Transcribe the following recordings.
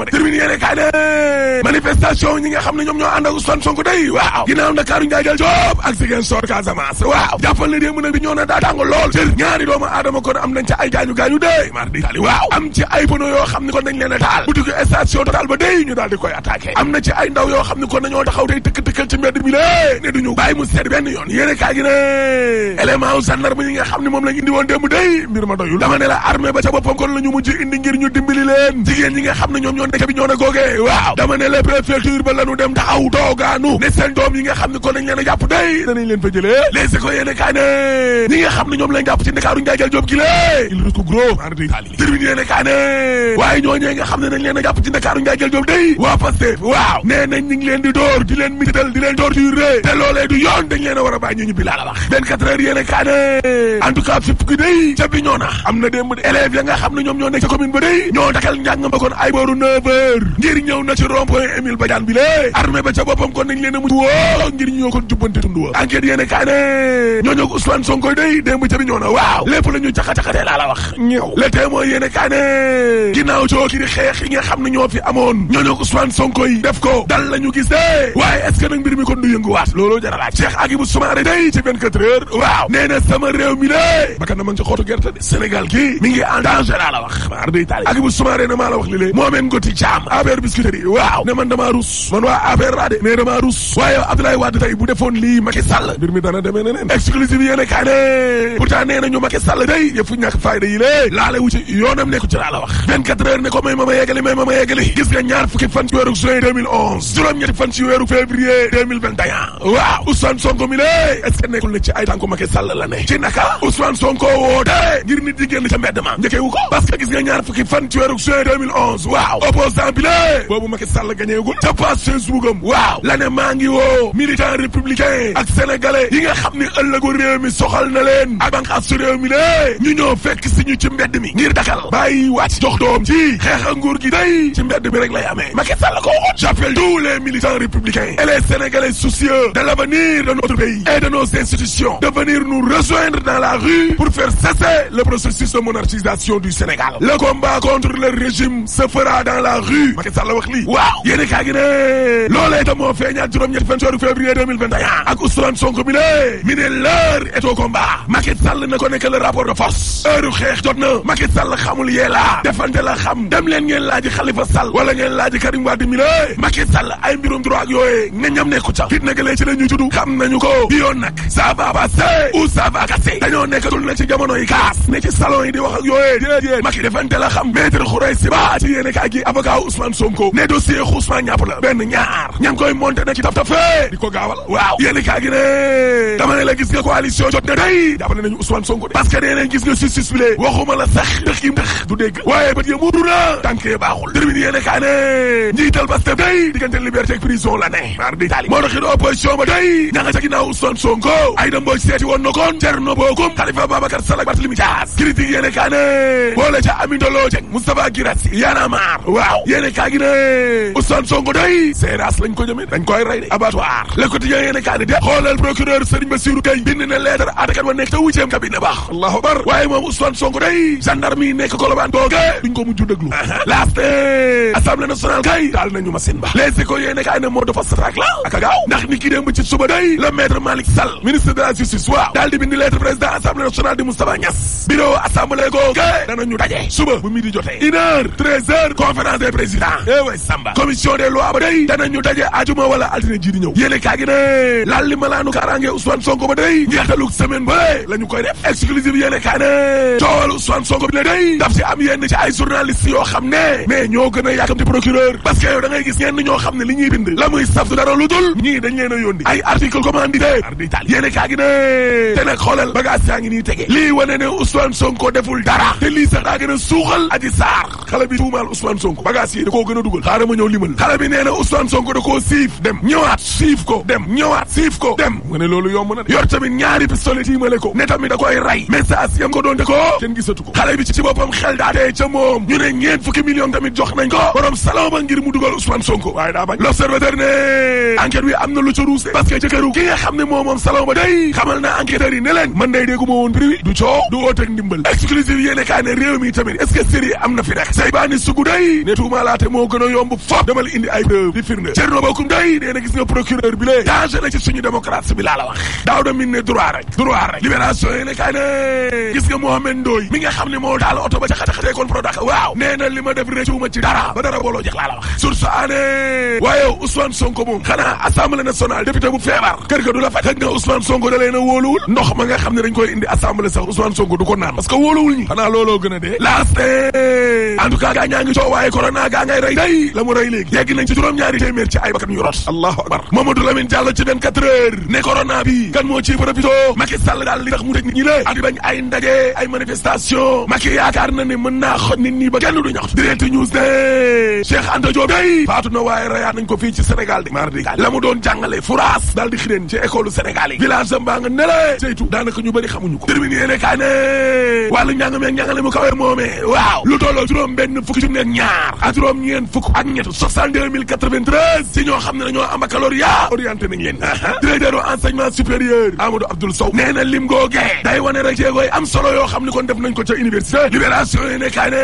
ma de termine yéene kaay ne ne manifestation ñi nga xam ne ñoom ñoo ànd ak Ousmane day waaw ginnaaw Ndakaaru Njaajal Joob ak Ziguinchor Casamance waaw jàppal ne démb nag bi ñoo na daa tàng lool jër ñaari doomu aadama kon am nañ ci ay gaañu gaañu dee waaw am ci ay yoo xam ne kon dañ leen a taal bu dugg station Total ba day ñu daal di koy attaqué am na ci ay ndaw yoo xam ne kon dañoo taxaw tey tëkk-tëkkal ci mbedd mi lée ne duñu bàyyi mu seet benn yoon yéene kaa ne élément la préfecture ba la dem taxaw toogaanu ne seen yi nga xam ne ko nañ leen a jàpp day danañ leen fa jëlee les écoles yéen a kaa ne ñi nga xam ne ñoom lañ jàpp ci Ndakaaru Njaay Jël Joob a kaa leen a jàpp ci Ndakaaru Njaay Jël day waa Pastef waaw nee nañ ñi leen di dóor di leen mitital di leen torturer te loolee du yoon dañ leen a war a bàyyi ñu ñibbi laa la wax 24 heures yéen a kaa ne fukki day ca bi ñoo na am na démb élèves ya nga xam ne ñoom ñoo nekk ca commune ba day ñoo dakal na ci mooy Émile Badiane bi lée armée ba ca boppam kon nañ leen a mujj woo ngir ñoo kon jubbante tund wa enquête yéene kaa ne ñooñu ak Ousmane Sonko day démb ca ñoo na waaw lépp la ñu caxa-caxatee laa la wax ñëw le témoin yéene kaa ne ginnaaw coo ki di xeex yi nga xam ne ñoo fi amoon ñooñu ak Ousmane Sonko yi def ko dal la gis dee waaye est nag mbir mi kon du yënguwaat looloo jar a laaj Cheikh Agibou day ci 24 heures waaw nee sama réew mi lée bakkan na man damaa man waa affaire laa de ne damaa rus waaye Abdoulaye bu defoon lii Macky Sall mi dana demee neneen exclusive yéene kaa ne pourtant nee nañu Macky Sall day yëfu ñàkk fayda yi lée laale wu yoonam nekku ci laa la wax 24 heures ne ko may ma ma yeegali may ma ma yeegali gis nga ñaar fukki fan ci weeru juin 2011 juróom-ñetti fan ci weeru février 2021 waaw Ousmane Sonko mi lée est-ce que nekkul ne ci ay tànku ne ci naka Ousmane ko parce que gañeegul ca la ne maa ngi woo militant républicain ak sénégalais yi nga xam ni ëllëgu réew soxal na leen ak banqaas su réew mi lée ñu ñoo fekk si ñu ci mbedd mi ngir dakal bàyyi wàcc jox doom ci xeex a nguur gi day ci mbedd mi rek lay amee Macky Sall ko waxoon tous les militants républicains et les sénégalais soucieux de l'avenir de notre pays et de nos institutions de venir nous rejoindre dans la rue pour faire cesser le processus de monarchisation du Sénégal yéen kaa gi ne loolee itam moo feeñaat juróom-ñetti fan weeru février 2021 ak Ousmane Sonko bi ne mi ne l'heure est au combat Macky Sall na ko nekk le rapport de force heure xeex jot na Macky Sall xamul yee defante la xam dem leen ngeen laaji Khalifa Sall wala ngeen Karim Wade mi ne Macky Sall ay mbirum droit ak yooyee nga ñam nekku ca fit nagalee ci la ñuy tudd xam nañu ko bi yoon nag ça va passer ou ça va casser dañoo nekkatul na ci jamono yi kaas ne ci salon yi di waxu Ousmane ñàpp la benn ñaar ña waxuma la sax dëx yi ndax du dégg waaye bët ya muudu na tànkee baaxul dërmine yéene kaa ne njiital Pastef day diggante liberté prison la ne mar di tali moo taxit opposition ba day ña nga ca ginnaaw Ousmane Sonko ay da mbooj seeti woon na koon Thierno Bocoum Khalifa Babacar Sall ak Barthélémy Dias critique yéene kaa ne boole ca Aminata Lô Dieng Moustapha Guirassy a waaw yéene kaa ne Ousmane Sonko day séeraas lañ ko jëmee dañ koy rey de abattoir le quotidien yéen a kaa de xoolal procureur Serigne Bassirou Gueye bind na lettre attakat wa nekk ca huitième cabinet baax allahu akbar waaye moom Ousmane Sonko day gendarme yi nekk Colobane googe duñ ko mujj déglu laaste assemblée nationale kay daal nañu machine ba les écoles yéen a kaa ne moo dafa la aka gaaw ndax ni ki démb suba day le maître Malick Sall ministre de la justice waaw daal di di Moustapha Niass commission des lois ba day danañu daje ajuma wala altine ji ñëw yéene kaa ne laal li malaanu kaaraange Ousmane Sonko ba day njeextalug semaine ba la ñu koy def exclusive yéene kaa ne coowal Ousmane Sonko bi ne day daf ci am yenn ci ay journalistes yoo xam ne mais ñoo gën a yàkkamti procureur parce que yow gis ñenn ñoo xam ne li ñuy bind la muy saf du lu dul ñii dañ leen a ay article commandité ardital yéene ne te xoolal bagage yaa ngi nii tege lii a a tribune xale bi nee na Ousmane Sonko da koo siif dem ñëwaat siif ko dem ñëwaat siif ko dem mu ne loolu yomb na de tamit ñaari pistolet tiimale ko ne tamit da koy rey message yam ko doon de ko kenn gisatu ko xale bi ci boppam xel daa ca moom ñu ne ñeent fukki million tamit jox nañ ko borom salon ba ngir mu dugal Ousmane Sonko waaye daa bañ na lu ca ruuse parce que jëkkëru ne moom moom salon ba day xamal na enquêteurs yi ne leen man day dégguma woon prix wi du coow du wooteeg ndimbal exclusive yéene kaay ne réew mi tamit est moo gën a yomb fop dama la indi ay di firnde Thierno Bocoum day nee na gis nga procureur bi laa la wax daaw da min ne droit rek droit rek libération yi ne gis nga Mohamed Ndoye mi nga xam ne moo daal oto ba jaxajaxatee kon Prodac waaw nee na li ma def réccuwuma ci dara ba dara booloo laa la wax source ané waaye Ousmane Sonko moom xanaa assemblée nationale député bu feebar kër ga du la faj xëj na Ousmane Sonko da leen a ndox ma nga xam ne dañ koy a léegi yegg nañ ci juróom-ñaari téeméer ci ay bakkan yu rot a akbar Mamadou Lamine Diallo ci 24 heures ne corona bi kan moo ci profité Macky Sall daal li tax mu teg nit ñi la adi bañ ay ndaje ay manifestation Macky yaakaar na mën naa xoj nit ba kenn du ñax direct news ne Cheikh Anta Diop faatu na waaye rayaat nañ ko fii ci Sénégal de la mu doon jàngale furaas daal di xireen ci école Sénégal yi village am baa nga nele saytu daanaka ñu bëri cent deux mille quatre-vingt-treize si ñoo xam ne dañoo am baccalauréat orienté nañ leen uh-huh. directeur u enseignement supérieur am solo yoo xam ne kon def nañ ko ca université libération yi nekkaay ne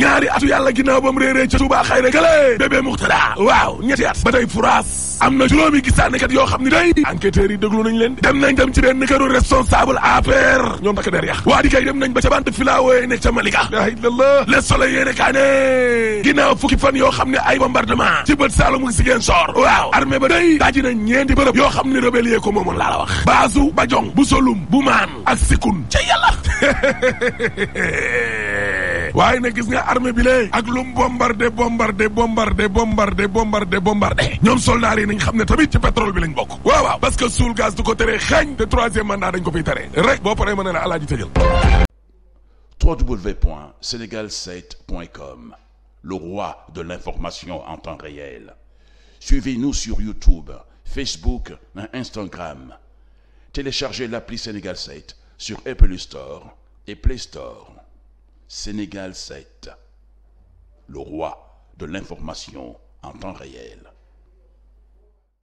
ñaari atu yàlla ginnaaw ba mu réeree ca Touba xay rekale bébé Muxtada waaw ñetti at ba furaas am na juróomi gisaanekat yoo xam ne day enquêteurs yi déglu nañ leen dem nañ dem ci benn këru responsable APR ñoom takk der kay dem nañ ba ca bant filaawo nekk ca Malika la ilaha illallah le soleil yéene kaane ginnaaw fukki yoo xam ne bombardement ci bët Saloum ak Ziguinchor waaw armée ba day daaji nañ ñeenti bërëb yoo xam ne rebelle yee ko moomoon laa la wax baasu bajong bu solum bu maan ak sikun ca yàlla waaye nag gis nga armée bi lee ak lum bombardé bombardé bombardé bombardé bombardé bombardé ñoom soldats yi nañ xam ne tamit ci pétrole bi lañ bokk waaw waaw parce que suul gaz du ko tere xeeñ te troisième mandat dañ ko fiy tere rek boo paree mën na la alaaji tëjal www.senegal7.com le roi de l'information en temps réel. Suivez-nous sur YouTube, Facebook et Instagram. Téléchargez l'appli Sénégal 7 sur Apple Store et Play Store. Sénégal 7, le roi de l'information en temps réel.